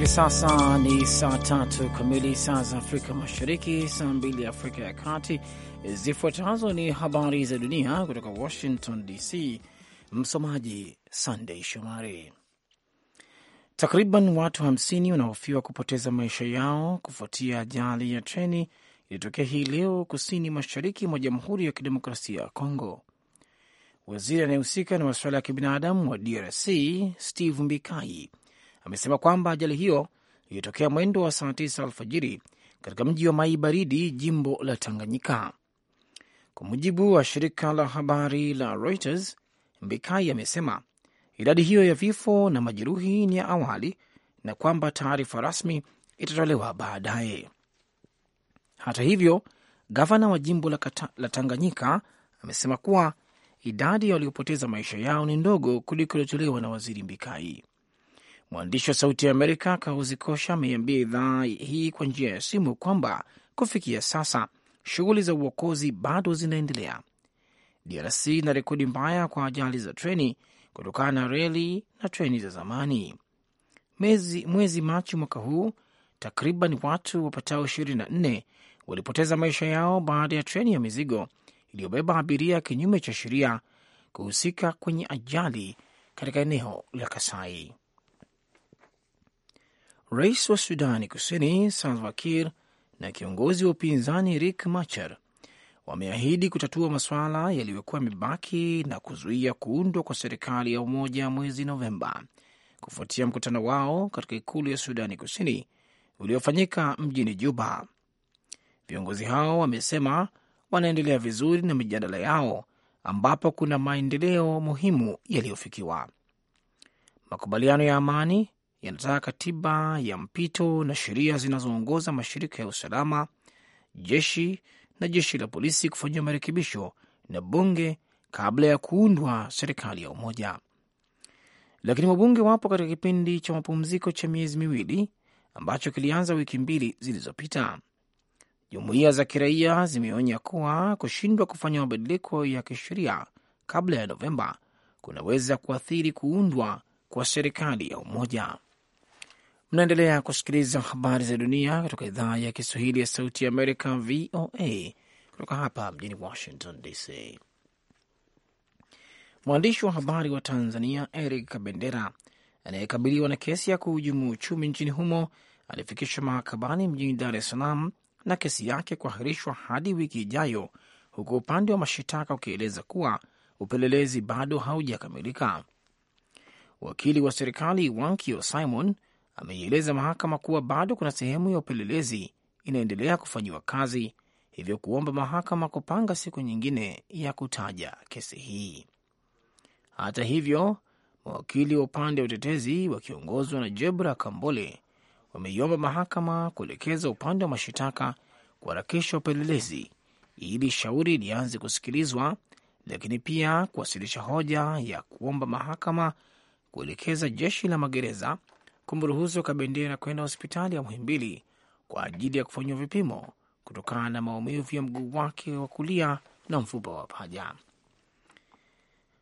hivi sasa ni saa tatu kamili saa za Afrika Mashariki, saa mbili Afrika ya Kati. Zifuatazo ni habari za dunia kutoka Washington DC. Msomaji Sandei Shomari. Takriban watu 50 wanahofiwa kupoteza maisha yao kufuatia ajali ya treni iliyotokea hii leo kusini mashariki mwa Jamhuri ya Kidemokrasia ya Kongo. Waziri anayehusika na masuala ya kibinadamu wa DRC Steve Mbikai amesema kwamba ajali hiyo iliyotokea mwendo wa saa tisa alfajiri katika mji wa Mai Baridi, jimbo la Tanganyika. Kwa mujibu wa shirika la habari la Reuters, Mbikai amesema idadi hiyo ya vifo na majeruhi ni ya awali na kwamba taarifa rasmi itatolewa baadaye. Hata hivyo, gavana wa jimbo la, kata, la Tanganyika amesema kuwa idadi ya waliopoteza maisha yao ni ndogo kuliko iliotolewa na waziri Mbikai. Mwandishi wa Sauti ya Amerika Kahuzi Kosha ameiambia idhaa hii kwa njia ya simu kwamba kufikia sasa shughuli za uokozi bado zinaendelea. DRC ina rekodi mbaya kwa ajali za treni kutokana na reli na treni za zamani. Mwezi, mwezi Machi mwaka huu takriban watu wapatao 24 walipoteza maisha yao baada ya treni ya mizigo iliyobeba abiria kinyume cha sheria kuhusika kwenye ajali katika eneo la Kasai. Rais wa Sudani Kusini Salva Kiir na kiongozi wa upinzani Riek Machar wameahidi kutatua masuala yaliyokuwa yamebaki na kuzuia kuundwa kwa serikali ya umoja mwezi Novemba, kufuatia mkutano wao katika ikulu ya Sudani Kusini uliofanyika mjini Juba. Viongozi hao wamesema wanaendelea vizuri na mijadala yao, ambapo kuna maendeleo muhimu yaliyofikiwa: makubaliano ya amani yanataka katiba ya mpito na sheria zinazoongoza mashirika ya usalama, jeshi na jeshi la polisi kufanyiwa marekebisho na bunge kabla ya kuundwa serikali ya umoja. Lakini wabunge wapo katika kipindi cha mapumziko cha miezi miwili ambacho kilianza wiki mbili zilizopita. Jumuiya za kiraia zimeonya kuwa kushindwa kufanya mabadiliko ya kisheria kabla ya Novemba kunaweza kuathiri kuundwa kwa serikali ya umoja. Mnaendelea kusikiliza habari za dunia kutoka idhaa ya Kiswahili ya Sauti ya Amerika, VOA, kutoka hapa mjini Washington DC. Mwandishi wa habari wa Tanzania Eric Kabendera anayekabiliwa na kesi ya kuhujumu uchumi nchini humo alifikishwa mahakamani mjini Dar es Salaam na kesi yake kuahirishwa hadi wiki ijayo, huku upande wa mashitaka ukieleza kuwa upelelezi bado haujakamilika. Wakili wa serikali Wankio Simon ameieleza mahakama kuwa bado kuna sehemu ya upelelezi inaendelea kufanyiwa kazi, hivyo kuomba mahakama kupanga siku nyingine ya kutaja kesi hii. Hata hivyo, mawakili wa upande wa utetezi wakiongozwa na Jebra Kambole wameiomba mahakama kuelekeza upande wa mashitaka kuharakisha upelelezi ili shauri lianze kusikilizwa, lakini pia kuwasilisha hoja ya kuomba mahakama kuelekeza jeshi la magereza kumruhusu Kabendera kwenda hospitali ya Muhimbili kwa ajili ya kufanyiwa vipimo kutokana na maumivu ya mguu wake wa kulia na mfupa wa paja.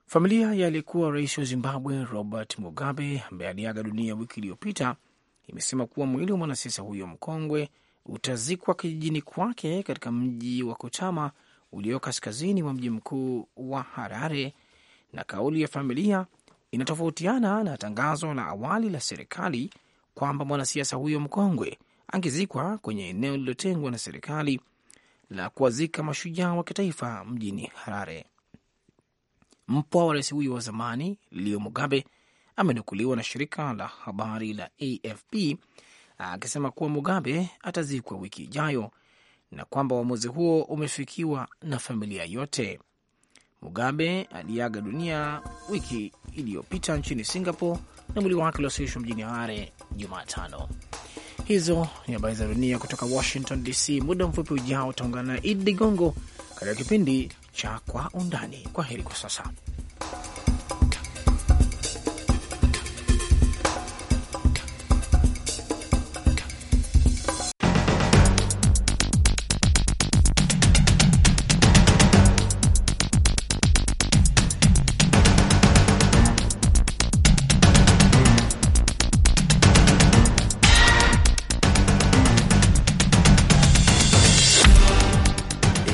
Familia ya aliyekuwa rais wa Zimbabwe Robert Mugabe ambaye aliaga dunia wiki iliyopita imesema kuwa mwili wa mwanasiasa huyo mkongwe utazikwa kijijini kwake katika mji wa Kotama ulio kaskazini mwa mji mkuu wa Harare, na kauli ya familia inatofautiana na tangazo la awali la serikali kwamba mwanasiasa huyo mkongwe angezikwa kwenye eneo lililotengwa na serikali la kuwazika mashujaa wa kitaifa mjini Harare. Mpwa wa rais huyo wa zamani Leo Mugabe amenukuliwa na shirika la habari la AFP akisema kuwa Mugabe atazikwa wiki ijayo na kwamba uamuzi huo umefikiwa na familia yote. Mugabe aliaga dunia wiki iliyopita nchini Singapore na mwili wake uliwasilishwa mjini Harare Jumatano. Hizo ni habari za dunia kutoka Washington DC. Muda mfupi ujao utaungana na Idi Ligongo katika kipindi cha Kwa Undani. Kwa heri kwa sasa.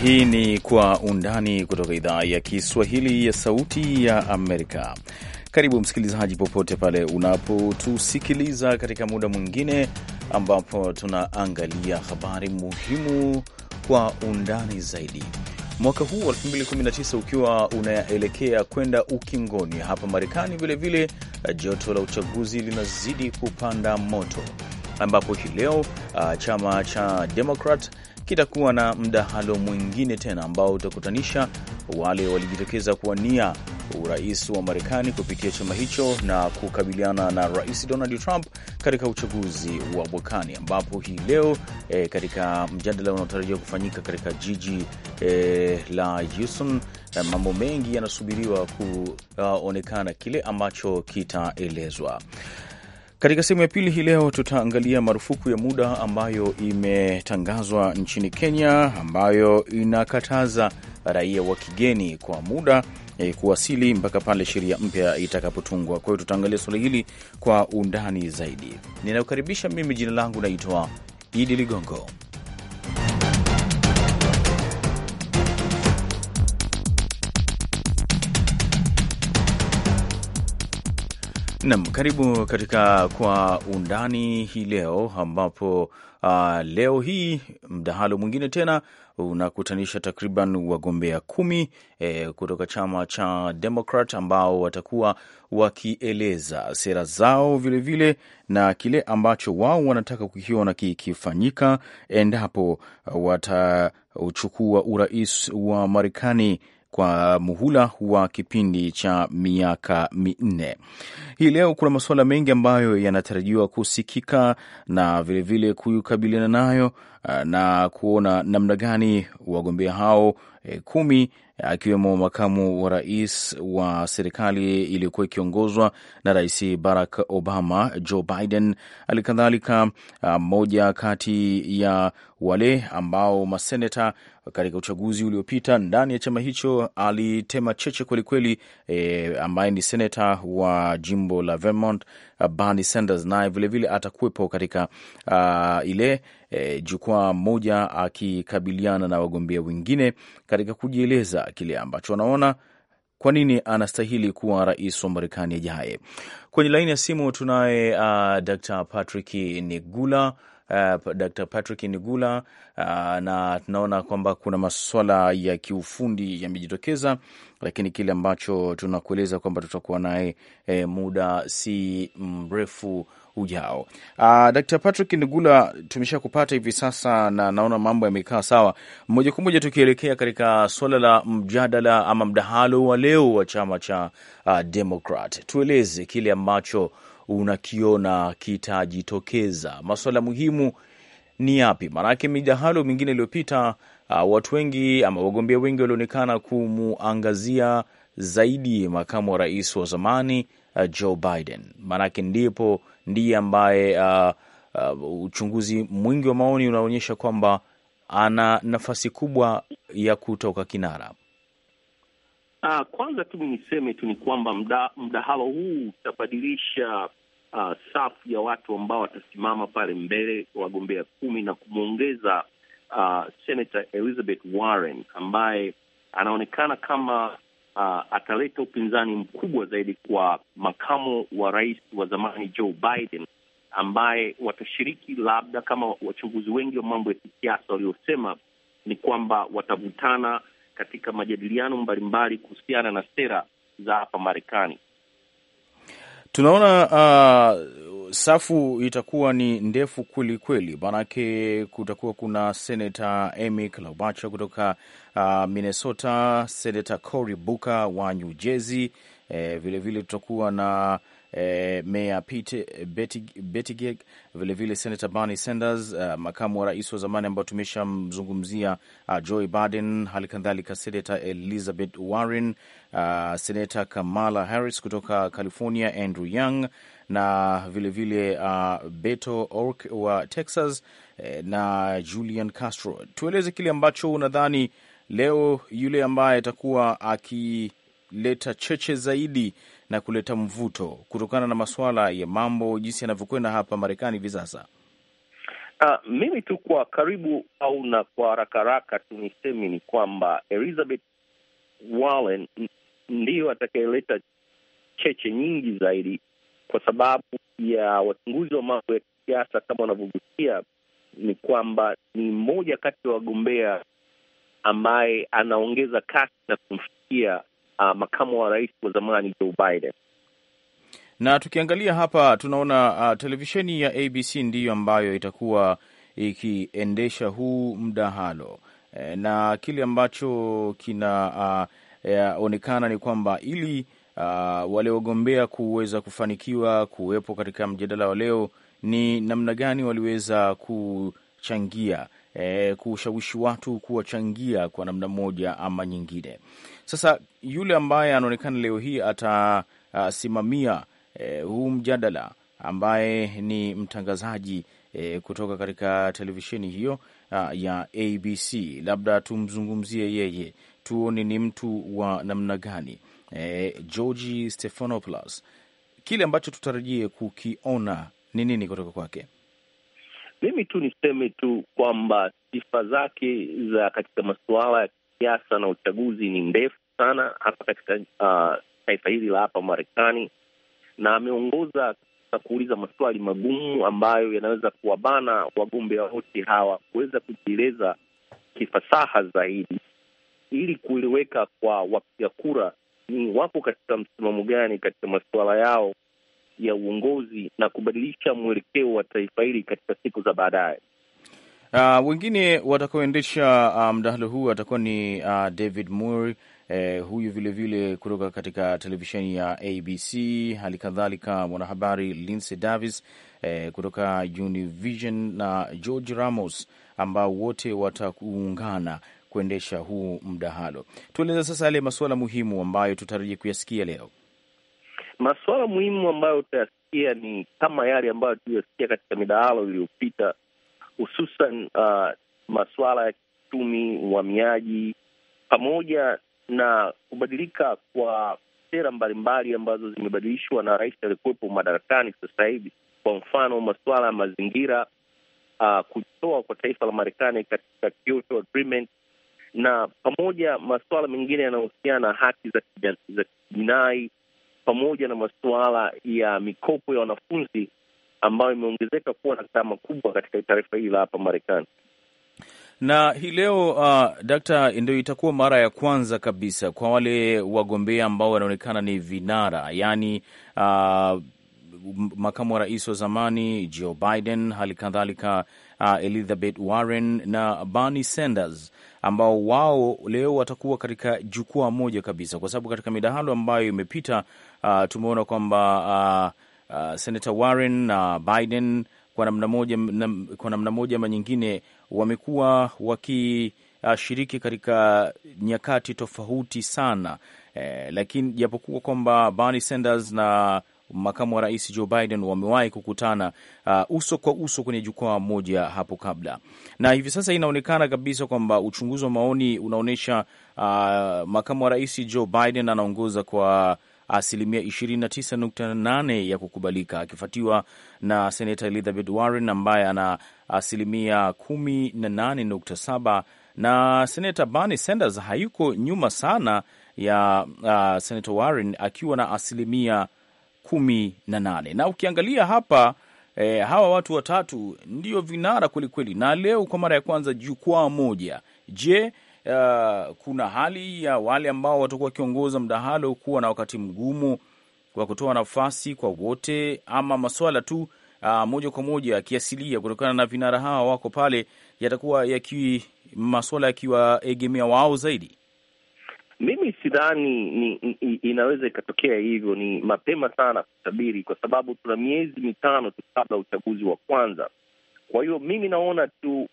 Hii ni Kwa Undani kutoka idhaa ya Kiswahili ya Sauti ya Amerika. Karibu msikilizaji, popote pale unapotusikiliza katika muda mwingine ambapo tunaangalia habari muhimu kwa undani zaidi. Mwaka huu 2019 ukiwa unaelekea kwenda ukingoni hapa Marekani, vilevile joto la uchaguzi linazidi kupanda moto, ambapo hii leo ah, chama cha Democrat kitakuwa na mdahalo mwingine tena ambao utakutanisha wale walijitokeza kuwania urais wa Marekani kupitia chama hicho na kukabiliana na Rais Donald Trump katika uchaguzi wa mwakani, ambapo hii leo e, katika mjadala unaotarajiwa kufanyika katika jiji e, la Houston eh, mambo mengi yanasubiriwa kuonekana kile ambacho kitaelezwa. Katika sehemu ya pili hii leo tutaangalia marufuku ya muda ambayo imetangazwa nchini Kenya ambayo inakataza raia wa kigeni kwa muda eh, kuwasili mpaka pale sheria mpya itakapotungwa. Kwa hiyo tutaangalia suala hili kwa undani zaidi. Ninakukaribisha mimi, jina langu naitwa Idi Ligongo. Nam, karibu katika Kwa Undani hii leo, ambapo uh, leo hii mdahalo mwingine tena unakutanisha takriban wagombea kumi eh, kutoka chama cha Democrat ambao watakuwa wakieleza sera zao vilevile vile, na kile ambacho wao wanataka kukiona kikifanyika endapo watauchukua urais wa Marekani kwa muhula wa kipindi cha miaka minne. Hii leo kuna masuala mengi ambayo yanatarajiwa kusikika na vilevile kukabiliana nayo eh, na kuona namna gani wagombea hao e, kumi akiwemo makamu wa rais wa serikali iliyokuwa ikiongozwa na Rais Barack Obama, Joe Biden, alikadhalika mmoja eh, kati ya wale ambao maseneta katika uchaguzi uliopita ndani ya chama hicho alitema cheche kwelikweli. E, ambaye ni seneta wa jimbo la Vermont uh, Bernie Sanders naye vilevile atakuwepo katika uh, ile e, jukwaa moja akikabiliana na wagombea wengine katika kujieleza kile ambacho anaona kwa nini anastahili kuwa rais wa Marekani ajaye. Kwenye laini ya simu tunaye uh, Dr Patrick Nigula uh, Dr. Patrick Nigula uh, na tunaona kwamba kuna maswala ya kiufundi yamejitokeza, lakini kile ambacho tunakueleza kwamba tutakuwa naye e, muda si mrefu ujao. Uh, Dr. Patrick Nigula tumesha kupata hivi sasa na naona mambo yamekaa sawa. Moja kwa moja tukielekea katika swala la mjadala ama mdahalo wa leo wa chama cha uh, Democrat, tueleze kile ambacho unakiona kitajitokeza? Masuala muhimu ni yapi? Maanake midahalo mingine iliyopita, uh, watu wengi ama wagombea wengi walionekana kumuangazia zaidi makamu wa rais wa zamani uh, Joe Biden, maanake ndipo ndiye ambaye uh, uh, uchunguzi mwingi wa maoni unaonyesha kwamba ana nafasi kubwa ya kutoka kinara. Uh, kwanza tu niseme tu ni kwamba mda, mdahalo huu utabadilisha uh, safu ya watu ambao watasimama pale mbele wagombea kumi na kumwongeza uh, ah, Senator Elizabeth Warren ambaye anaonekana kama uh, ataleta upinzani mkubwa zaidi kwa makamo wa rais wa zamani Joe Biden ambaye watashiriki labda kama wachunguzi wengi wa mambo ya kisiasa waliosema ni kwamba watavutana katika majadiliano mbalimbali kuhusiana na sera za hapa Marekani. Tunaona uh, safu itakuwa ni ndefu kweli kweli, maanake kutakuwa kuna senata Amy Klobuchar kutoka uh, Minnesota, senata Cory Booker wa New Jersey, vilevile eh, tutakuwa na e, eh, meya Pete eh, Buttigieg, vilevile Senator Bernie Sanders, uh, makamu wa rais wa zamani ambayo tumeshamzungumzia uh, Joe Biden, hali kadhalika Senator Elizabeth Warren, uh, Senator Kamala Harris kutoka California, Andrew Young na vilevile vile, uh, Beto O'Rourke wa Texas na Julian Castro. Tueleze kile ambacho unadhani leo yule ambaye atakuwa akileta cheche zaidi na kuleta mvuto kutokana na masuala ya mambo jinsi yanavyokwenda hapa Marekani hivi sasa? Uh, mimi tu kwa karibu au na kwa haraka haraka tu niseme ni kwamba Elizabeth Warren ndiyo atakayeleta cheche nyingi zaidi, kwa sababu ya wachunguzi wa mambo ya kisiasa kama wanavyogusia, ni kwamba ni mmoja kati ya wagombea ambaye anaongeza kasi na kumfikia uh, makamu wa rais wa zamani Joe Biden. Na tukiangalia hapa tunaona uh, televisheni ya ABC ndiyo ambayo itakuwa ikiendesha huu mdahalo e, na kile ambacho kinaonekana ah, uh, ni kwamba ili uh, wale wagombea kuweza kufanikiwa kuwepo katika mjadala wa leo ni namna gani waliweza kuchangia e, eh, kushawishi watu kuwachangia kwa namna moja ama nyingine. Sasa yule ambaye anaonekana leo hii atasimamia uh, huu mjadala ambaye ni mtangazaji uh, kutoka katika televisheni hiyo uh, ya ABC, labda tumzungumzie yeye, tuone ni mtu wa namna gani uh, George Stephanopoulos, kile ambacho tutarajie kukiona ni nini kutoka kwake? Mimi tu niseme tu kwamba sifa zake za katika masuala ya siasa na uchaguzi ni ndefu sana, hasa katika uh, taifa hili la hapa Marekani, na ameongoza kuuliza maswali magumu ambayo yanaweza kuwabana wagombea wote hawa kuweza kujieleza kifasaha zaidi ili kueleweka kwa wapiga kura ni wapo katika msimamo gani katika masuala yao ya uongozi na kubadilisha mwelekeo wa taifa hili katika siku za baadaye. Uh, wengine watakaoendesha ah, mdahalo um, huu atakuwa ni uh, David Moore eh, huyu vilevile kutoka katika televisheni ya ABC, hali kadhalika mwanahabari Lindsey Davis eh, kutoka Univision na George Ramos ambao wote watakuungana kuendesha huu mdahalo. Tueleze sasa yale masuala muhimu ambayo tutarajia kuyasikia leo. Masuala muhimu ambayo utayasikia ni kama yale ambayo tuliyosikia katika midahalo iliyopita hususan uh, masuala ya kiuchumi, uhamiaji, pamoja na kubadilika kwa sera mbalimbali ambazo zimebadilishwa na rais aliyekuwepo madarakani sasa hivi. Kwa mfano, masuala ya mazingira, uh, kutoa kwa taifa la Marekani katika Kyoto Agreement na pamoja masuala mengine yanayohusiana na haki za kijinai pamoja na masuala ya mikopo ya wanafunzi ambayo imeongezeka kuwa na gharama kubwa katika taifa hili la hapa Marekani na hii leo uh, dakta, ndio itakuwa mara ya kwanza kabisa kwa wale wagombea ambao wanaonekana ni vinara, yaani uh, makamu wa rais wa zamani Joe Biden, hali kadhalika uh, Elizabeth Warren na Bernie Sanders, ambao wao leo watakuwa katika jukwaa moja kabisa, kwa sababu katika midahalo ambayo imepita uh, tumeona kwamba uh, uh, Senata Warren na Biden kwa namna moja, nam, kwa namna moja ama nyingine wamekuwa wakishiriki uh, katika nyakati tofauti sana eh, lakini japokuwa kwamba Bernie Sanders na makamu wa rais Joe Biden wamewahi kukutana uh, uso kwa uso kwenye jukwaa moja hapo kabla, na hivi sasa inaonekana kabisa kwamba uchunguzi wa maoni unaonyesha uh, makamu wa rais Joe Biden anaongoza kwa asilimia 29.8 ya kukubalika, akifuatiwa na senata Elizabeth Warren ambaye ana asilimia 18.7 na senata Bernie Sanders hayuko nyuma sana ya uh, senata Warren akiwa na asilimia 18. Na ukiangalia hapa eh, hawa watu watatu ndio vinara kwelikweli, na leo kwa mara ya kwanza jukwaa moja. Je, uh, kuna hali ya wale ambao watakuwa wakiongoza mdahalo kuwa na wakati mgumu wa kutoa nafasi kwa wote, ama maswala tu uh, moja kwa moja yakiasilia kutokana na vinara hawa wako pale, yatakuwa yaki maswala yakiwaegemea wao zaidi? Mimi sidhani ni, ni, inaweza ikatokea hivyo. Ni mapema sana kutabiri, kwa sababu tuna miezi mitano tu kabla uchaguzi wa kwanza. Kwa hiyo mimi naona tu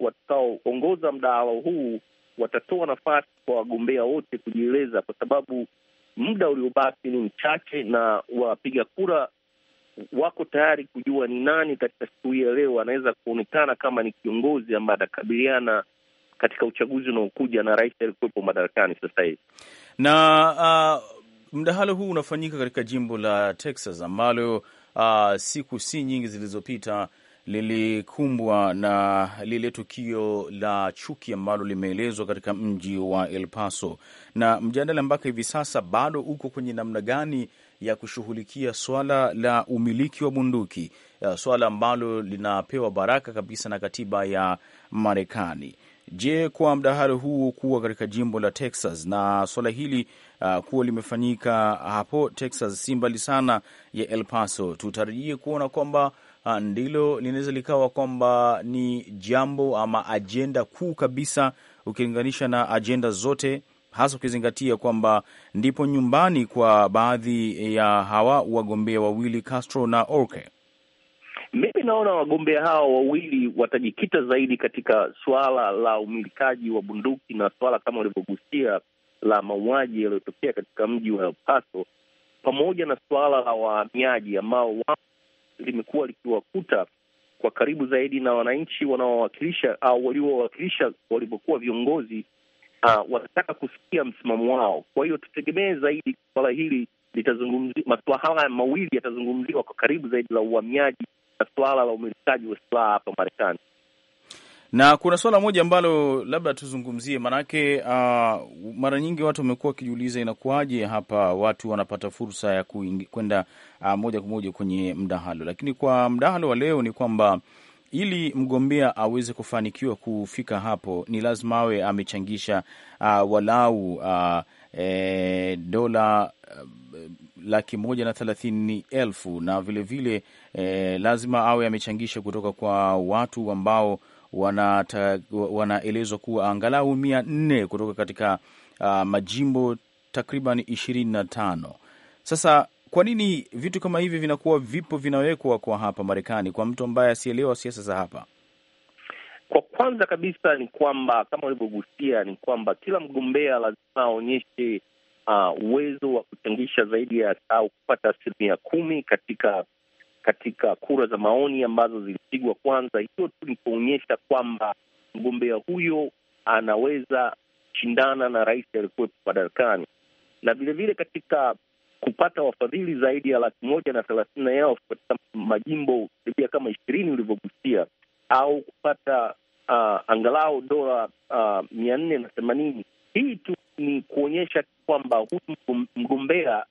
watakaoongoza mdahalo huu watatoa nafasi kwa wagombea wote kujieleza, kwa sababu muda uliobaki ni mchache na wapiga kura wako tayari kujua ni nani katika siku hii ya leo anaweza kuonekana kama ni kiongozi ambaye atakabiliana katika uchaguzi unaokuja na rais aliyekuwepo madarakani sasa hivi. Na uh, mdahalo huu unafanyika katika jimbo la Texas ambalo uh, siku si nyingi zilizopita lilikumbwa na lile tukio la chuki ambalo limeelezwa katika mji wa El Paso, na mjadala mpaka hivi sasa bado uko kwenye namna gani ya kushughulikia swala la umiliki wa bunduki, swala ambalo linapewa baraka kabisa na katiba ya Marekani. Je, kwa mdahalo huu kuwa katika jimbo la Texas na swala hili uh, kuwa limefanyika hapo Texas si mbali sana ya El Paso, tutarajie kuona kwamba Ah, ndilo linaweza likawa kwamba ni jambo ama ajenda kuu kabisa ukilinganisha na ajenda zote, hasa ukizingatia kwamba ndipo nyumbani kwa baadhi ya hawa wagombea wawili Castro na Orke. Mimi naona wagombea hawa wawili watajikita zaidi katika suala la umilikaji wa bunduki na suala kama walivyogusia la mauaji yaliyotokea katika mji wa El Paso, pamoja na suala la wahamiaji ambao wao limekuwa likiwakuta kwa karibu zaidi na wananchi wanaowakilisha au waliowakilisha walivyokuwa viongozi uh, wanataka kusikia msimamo wao. Kwa hiyo tutegemee zaidi swala hili litazungumziwa, masuala haya mawili yatazungumziwa kwa karibu zaidi, la uhamiaji na suala la umilikaji wa silaha hapa Marekani. Na kuna swala moja ambalo labda tuzungumzie, maanake uh, ah, mara nyingi watu wamekuwa wakijiuliza inakuwaje hapa watu wanapata fursa ya kwenda uh, moja kwa moja kwenye mdahalo, lakini kwa mdahalo wa leo ni kwamba ili mgombea aweze kufanikiwa kufika hapo ni lazima awe amechangisha uh, walau uh, e, dola uh, laki moja na thelathini elfu na vilevile vile, e, lazima awe amechangisha kutoka kwa watu ambao wanaelezwa kuwa angalau mia nne kutoka katika uh, majimbo takriban ishirini na tano. Sasa kwa nini vitu kama hivi vinakuwa vipo vinawekwa kwa hapa Marekani kwa mtu ambaye asielewa siasa za hapa? Kwa kwanza kabisa ni kwamba kama ulivyogusia, ni kwamba kila mgombea lazima aonyeshe uh, uwezo uh, wa kuchangisha zaidi ya au kupata asilimia kumi katika katika kura za maoni ambazo zilipigwa kwanza. Hiyo tu ni kuonyesha kwamba mgombea huyo anaweza shindana na rais aliyekuwepo madarakani, na vilevile katika kupata wafadhili zaidi ya laki moja na thelathini na elfu katika majimbo karibia kama ishirini ulivyogusia, au kupata uh, angalau dola uh, mia nne na themanini. Hii tu ni kuonyesha kwamba huyu mgombea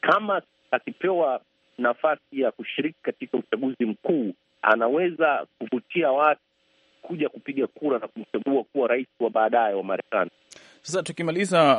kama akipewa nafasi ya kushiriki katika uchaguzi mkuu, anaweza kuvutia watu kuja kupiga kura na kumchagua kuwa rais wa baadaye wa Marekani. Sasa tukimaliza,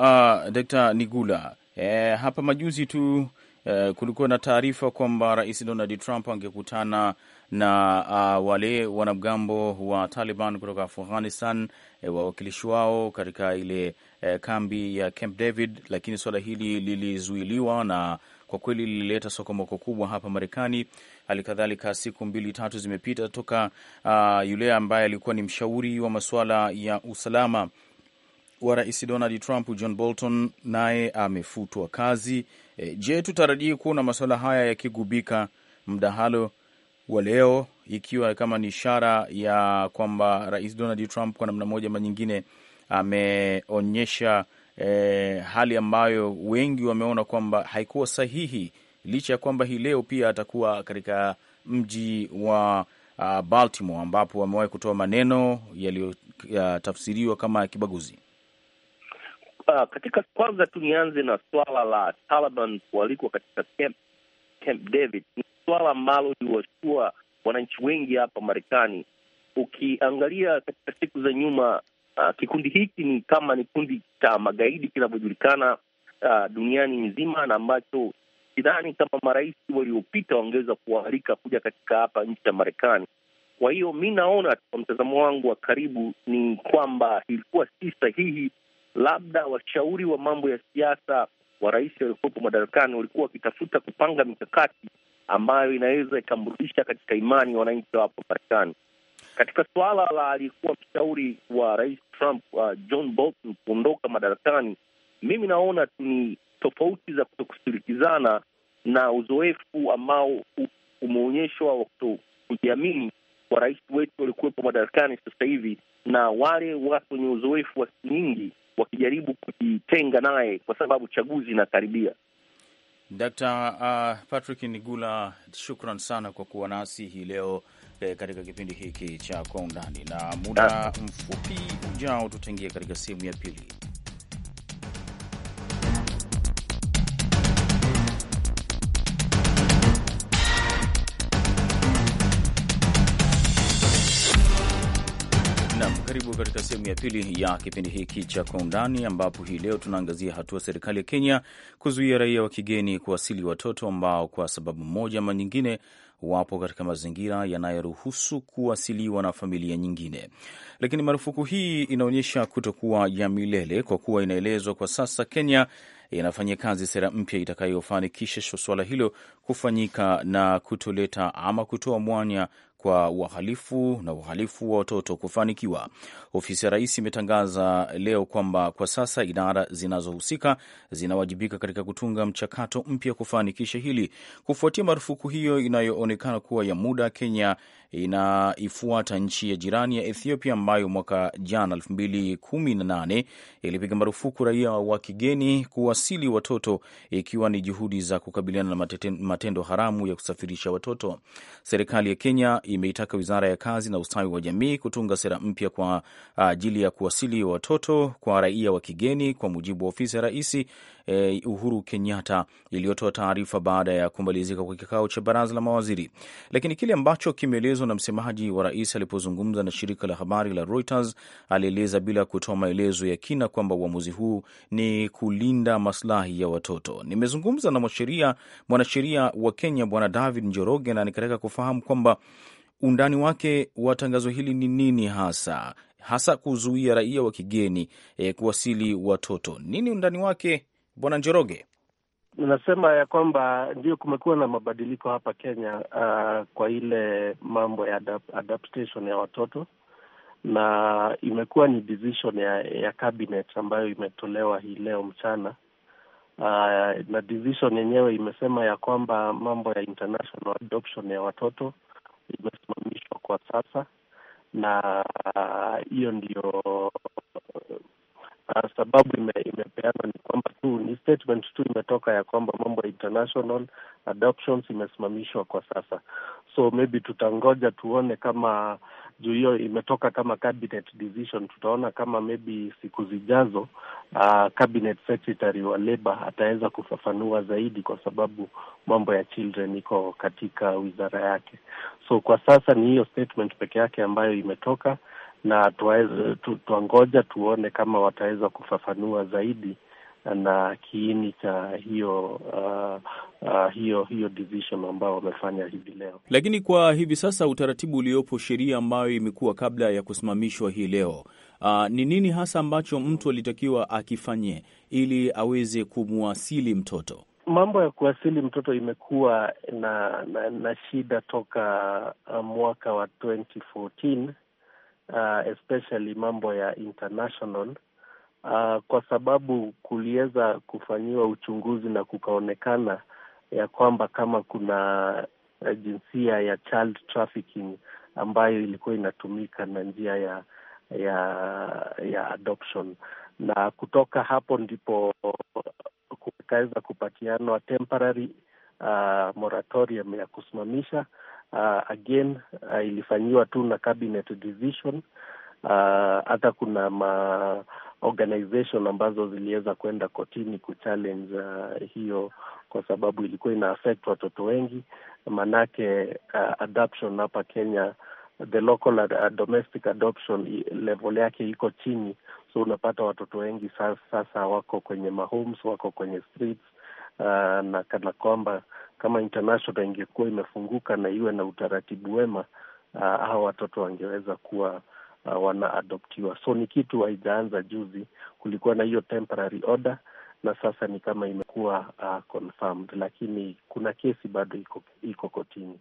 uh, Dkt. Nigula, eh, hapa majuzi tu eh, kulikuwa na taarifa kwamba Rais Donald Trump angekutana na uh, wale wanamgambo wa Taliban kutoka Afghanistan, eh, wawakilishi wao katika ile eh, kambi ya Camp David, lakini suala hili lilizuiliwa na kwa kweli lilileta sokomoko kubwa hapa Marekani. Halikadhalika, siku mbili tatu zimepita toka uh, yule ambaye alikuwa ni mshauri wa masuala ya usalama wa Rais Donald Trump, John Bolton, naye amefutwa kazi. E, je, tutarajii kuona masuala haya yakigubika mdahalo wa leo, ikiwa kama ni ishara ya kwamba Rais Donald Trump kwa namna moja ama nyingine ameonyesha eh, hali ambayo wengi wameona kwamba haikuwa sahihi, licha ya kwamba hii leo pia atakuwa katika mji wa uh, Baltimore ambapo wamewahi kutoa maneno yaliyotafsiriwa uh, kama kibaguzi. Uh, katika kwanza tu nianze na swala la Taliban kualikwa katika camp, Camp David ni swala ambalo liliwashtua wananchi wengi hapa Marekani. Ukiangalia katika siku za nyuma Uh, kikundi hiki ni kama ni kundi cha magaidi kinavyojulikana uh, ah, duniani nzima na ambacho sidhani kama marais waliopita wangeweza kuwaalika kuja katika hapa nchi ya Marekani. Kwa hiyo mi naona kwa mtazamo wangu wa karibu ni kwamba ilikuwa si sahihi, labda washauri wa mambo ya siasa wa rais waliokuwepo madarakani walikuwa wakitafuta kupanga mikakati ambayo inaweza ikamrudisha katika imani wananchi wa hapo Marekani katika suala la aliyekuwa mshauri wa rais Trump uh, John Bolton kuondoka madarakani, mimi naona tu ni tofauti za kutokushirikizana na uzoefu ambao umeonyeshwa wa kutokujiamini kwa rais wetu waliokuwepo madarakani sasa hivi, na wale watu wenye uzoefu wa siku nyingi wakijaribu kujitenga naye kwa sababu chaguzi inakaribia. Dkt. Uh, Patrick Nigula, shukran sana kwa kuwa nasi hii leo e, katika kipindi hiki cha Kwa Undani, na muda mfupi ujao tutaingia katika sehemu ya pili. Karibu katika sehemu ya pili ya kipindi hiki cha Kwa Undani, ambapo hii leo tunaangazia hatua serikali ya Kenya kuzuia raia wa kigeni kuwasili watoto ambao kwa sababu moja ama nyingine wapo katika mazingira yanayoruhusu kuwasiliwa na familia nyingine. Lakini marufuku hii inaonyesha kutokuwa ya milele, kwa kuwa inaelezwa kwa sasa Kenya inafanya kazi sera mpya itakayofanikisha suala hilo kufanyika na kutoleta ama kutoa mwanya kwa uhalifu na uhalifu wa watoto kufanikiwa. Ofisi ya rais imetangaza leo kwamba kwa sasa idara zinazohusika zinawajibika katika kutunga mchakato mpya kufanikisha hili. Kufuatia marufuku hiyo inayoonekana kuwa ya muda, Kenya inaifuata nchi ya jirani ya Ethiopia ambayo mwaka jana 2018 ilipiga marufuku raia wa kigeni kuwasili watoto, ikiwa ni juhudi za kukabiliana na matendo haramu ya kusafirisha watoto. Serikali ya Kenya imeitaka Wizara ya Kazi na Ustawi wa Jamii kutunga sera mpya kwa uh, ajili ya kuwasili watoto kwa raia wa kigeni, kwa mujibu wa ofisi ya Rais eh, Uhuru Kenyatta iliyotoa taarifa baada ya kumalizika kwa kikao cha baraza la mawaziri. Lakini kile ambacho kimeelezwa na msemaji wa rais alipozungumza na shirika la habari la Reuters, alieleza bila kutoa maelezo ya kina kwamba uamuzi huu ni kulinda maslahi ya watoto. Nimezungumza na mwanasheria wa Kenya Bwana David Njoroge na nikataka kufahamu kwamba undani wake wa tangazo hili ni nini hasa, hasa kuzuia raia wa kigeni e, kuwasili watoto? Nini undani wake, Bwana Njoroge? nasema ya kwamba ndio kumekuwa na mabadiliko hapa Kenya uh, kwa ile mambo ya adaptation ya watoto na imekuwa ni decision ya, ya cabinet ambayo imetolewa hii leo mchana. Uh, na decision yenyewe imesema ya kwamba mambo ya international adoption ya watoto imesimamishwa kwa sasa, na hiyo ndio uh, sababu ime, ni kwamba tu ni statement tu imetoka ya kwamba mambo ya international adoptions imesimamishwa kwa sasa, so maybe tutangoja tuone kama juu hiyo imetoka kama cabinet decision. Tutaona kama maybe siku zijazo, uh, cabinet secretary wa labor ataweza kufafanua zaidi, kwa sababu mambo ya children iko katika wizara yake. So kwa sasa ni hiyo statement peke yake ambayo imetoka na tuweze, tu, tuangoja tuone kama wataweza kufafanua zaidi na kiini cha hiyo uh, uh, hiyo hiyo ambao wamefanya hivi leo. Lakini kwa hivi sasa utaratibu uliopo, sheria ambayo imekuwa kabla ya kusimamishwa hii leo uh, ni uh, nini hasa ambacho mtu alitakiwa akifanye ili aweze kumwasili mtoto? Mambo ya kuwasili mtoto imekuwa na, na, na shida toka uh, mwaka wa 2014 uh, especially mambo ya international uh, kwa sababu kuliweza kufanyiwa uchunguzi na kukaonekana ya kwamba kama kuna eh, jinsia ya child trafficking ambayo ilikuwa inatumika na njia ya ya ya adoption, na kutoka hapo ndipo kukaweza kupatianwa temporary uh, moratorium ya kusimamisha uh, again uh, ilifanyiwa tu na cabinet decision hata uh, kuna ma organization ambazo ziliweza kwenda kotini kuchallenge uh, hiyo kwa sababu ilikuwa ina affect watoto wengi, manake uh, adoption hapa Kenya the local uh, domestic adoption level yake iko chini, so unapata watoto wengi sasa, sasa wako kwenye mahomes, wako kwenye streets uh, na kana kwamba kama international ingekuwa imefunguka na iwe na utaratibu wema, uh, hawa uh, watoto wangeweza kuwa uh, wanaadoptiwa. So ni kitu haijaanza juzi, kulikuwa na hiyo temporary order na sasa ni kama imekuwa uh, confirmed, lakini kuna kesi bado iko, iko kotini.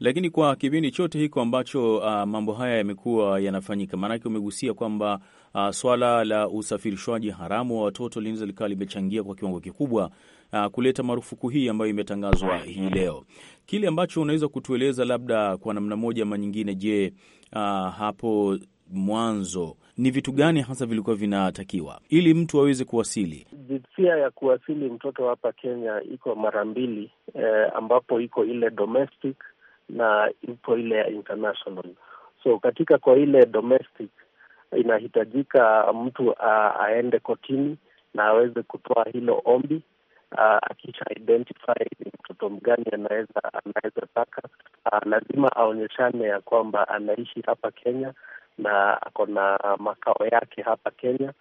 Lakini kwa kipindi chote hiko ambacho uh, mambo haya yamekuwa yanafanyika, maanake umegusia kwamba uh, swala la usafirishwaji haramu wa watoto linaweza likawa limechangia kwa kiwango kikubwa uh, kuleta marufuku hii ambayo imetangazwa hii leo. Kile ambacho unaweza kutueleza labda kwa namna moja ama nyingine, je, uh, hapo mwanzo ni vitu gani hasa vilikuwa vinatakiwa ili mtu aweze kuwasili? Jinsia ya kuwasili mtoto hapa Kenya iko mara mbili eh, ambapo iko ile domestic na ipo ile ya international. So katika kwa ile domestic inahitajika mtu a, aende kotini na aweze kutoa hilo ombi uh, akisha identify ni mtoto mgani anaweza anaweza taka uh, lazima aonyeshane ya kwamba anaishi hapa Kenya na ako na makao yake hapa Kenya,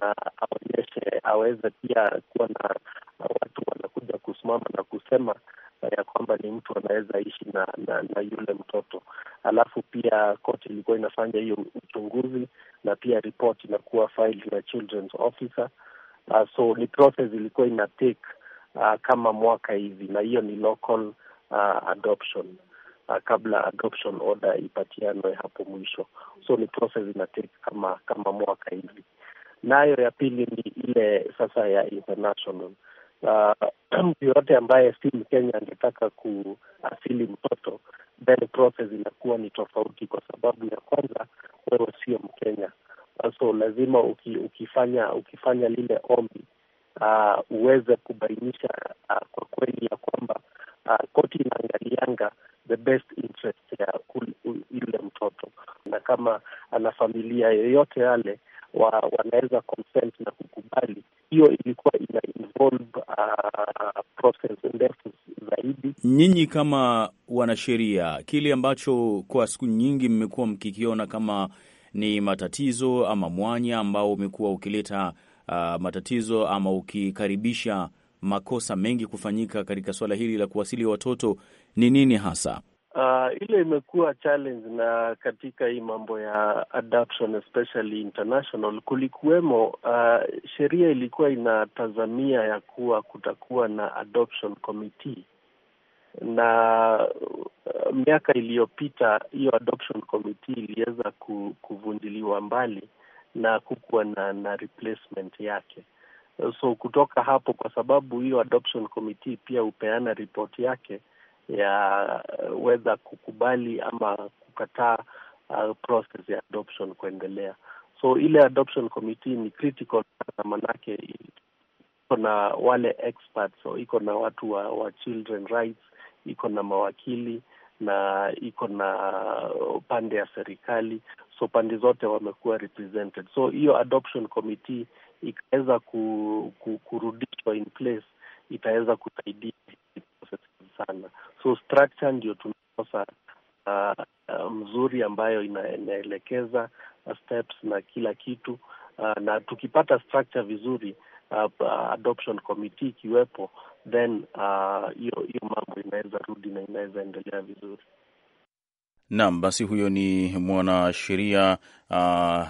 na aonyeshe aweze pia kuwa na watu wanakuja kusimama na kusema ya kwamba ni mtu anaweza ishi na, na, na yule mtoto. Alafu pia koti ilikuwa inafanya hiyo uchunguzi na pia ripoti inakuwa filed na children's officer. Uh, so ni process ilikuwa ina take uh, kama mwaka hivi, na hiyo ni local uh, adoption uh, kabla adoption order ipatianwe hapo mwisho. So ni process inatake kama kama mwaka hivi. Nayo ya pili ni ile sasa ya international uh, mtu yoyote ambaye si Mkenya angetaka kuasili mtoto then process inakuwa ni tofauti, kwa sababu ya kwanza wewe sio Mkenya, uh, so lazima uki, ukifanya ukifanya lile ombi Uh, uweze kubainisha uh, kwa kweli ya kwamba uh, koti inaangalianga the best interest ya yule mtoto, na kama ana familia yoyote yale wa, wanaweza consent na kukubali. Hiyo ilikuwa ina involve uh, process ndefu zaidi. Nyinyi kama wanasheria, kile ambacho kwa siku nyingi mmekuwa mkikiona kama ni matatizo ama mwanya ambao umekuwa ukileta uh, matatizo ama ukikaribisha makosa mengi kufanyika katika suala hili la kuwasili watoto ni nini hasa? Uh, ile imekuwa challenge na katika hii mambo ya adoption especially international, kulikuwemo uh, sheria ilikuwa inatazamia ya kuwa kutakuwa na adoption committee na uh, miaka iliyopita hiyo adoption committee iliweza kuvunjiliwa mbali na kukuwa na, na replacement yake. So kutoka hapo, kwa sababu hiyo adoption committee pia hupeana ripoti yake ya wedha kukubali ama kukataa uh, process ya adoption kuendelea. So ile adoption committee ni critical sana, manake iko na wale experts, so iko na watu wa, wa children rights, iko na mawakili na iko na pande ya serikali so pande zote wamekuwa represented. So hiyo adoption committee ikaweza ku, ku, kurudishwa in place, itaweza kusaidia sana. So structure ndio tunakosa uh, uh mzuri ambayo ina, inaelekeza uh, steps na kila kitu uh, na tukipata structure vizuri uh, uh, adoption committee ikiwepo then uh, hiyo uh, mambo inaweza rudi na inaweza endelea vizuri. Naam, basi huyo ni mwanasheria uh,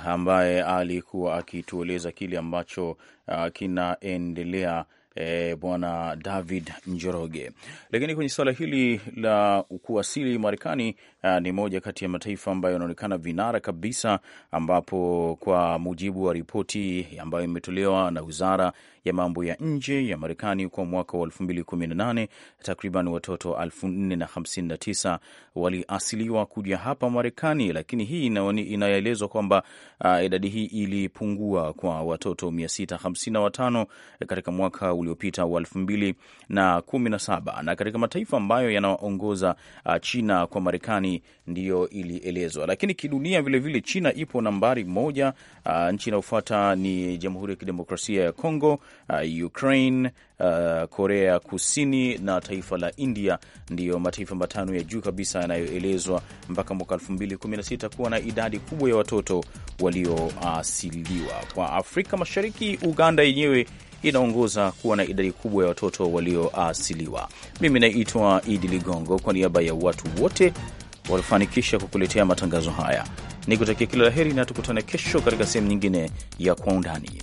ambaye alikuwa akitueleza kile ambacho uh, kinaendelea E, Bwana David Njoroge. Lakini kwenye suala hili la kuwasili Marekani Ah, ni moja kati ya mataifa ambayo yanaonekana vinara kabisa, ambapo kwa mujibu wa ripoti ambayo imetolewa na wizara ya mambo ya nje ya Marekani kwa mwaka wa 2018 takriban watoto 459 waliasiliwa kuja hapa Marekani, lakini hii inaelezwa kwamba uh, idadi hii ilipungua kwa watoto 655 katika mwaka uliopita wa 2017 na, na katika mataifa ambayo yanaongoza uh, China kwa Marekani duniani ndiyo ilielezwa, lakini kidunia vilevile vile China ipo nambari moja. Uh, nchi inayofuata ni Jamhuri ya Kidemokrasia ya congo uh, Ukraine, uh, Korea Kusini na taifa la India ndiyo mataifa matano ya juu kabisa yanayoelezwa mpaka mwaka 2016 kuwa na idadi kubwa ya watoto walioasiliwa. Uh, kwa Afrika Mashariki, Uganda yenyewe inaongoza kuwa na idadi kubwa ya watoto walioasiliwa. Mimi naitwa Idi Ligongo, kwa niaba ya watu wote walifanikisha kukuletea matangazo haya. Ni kutakia kila la heri na tukutane kesho katika sehemu nyingine ya Kwa Undani.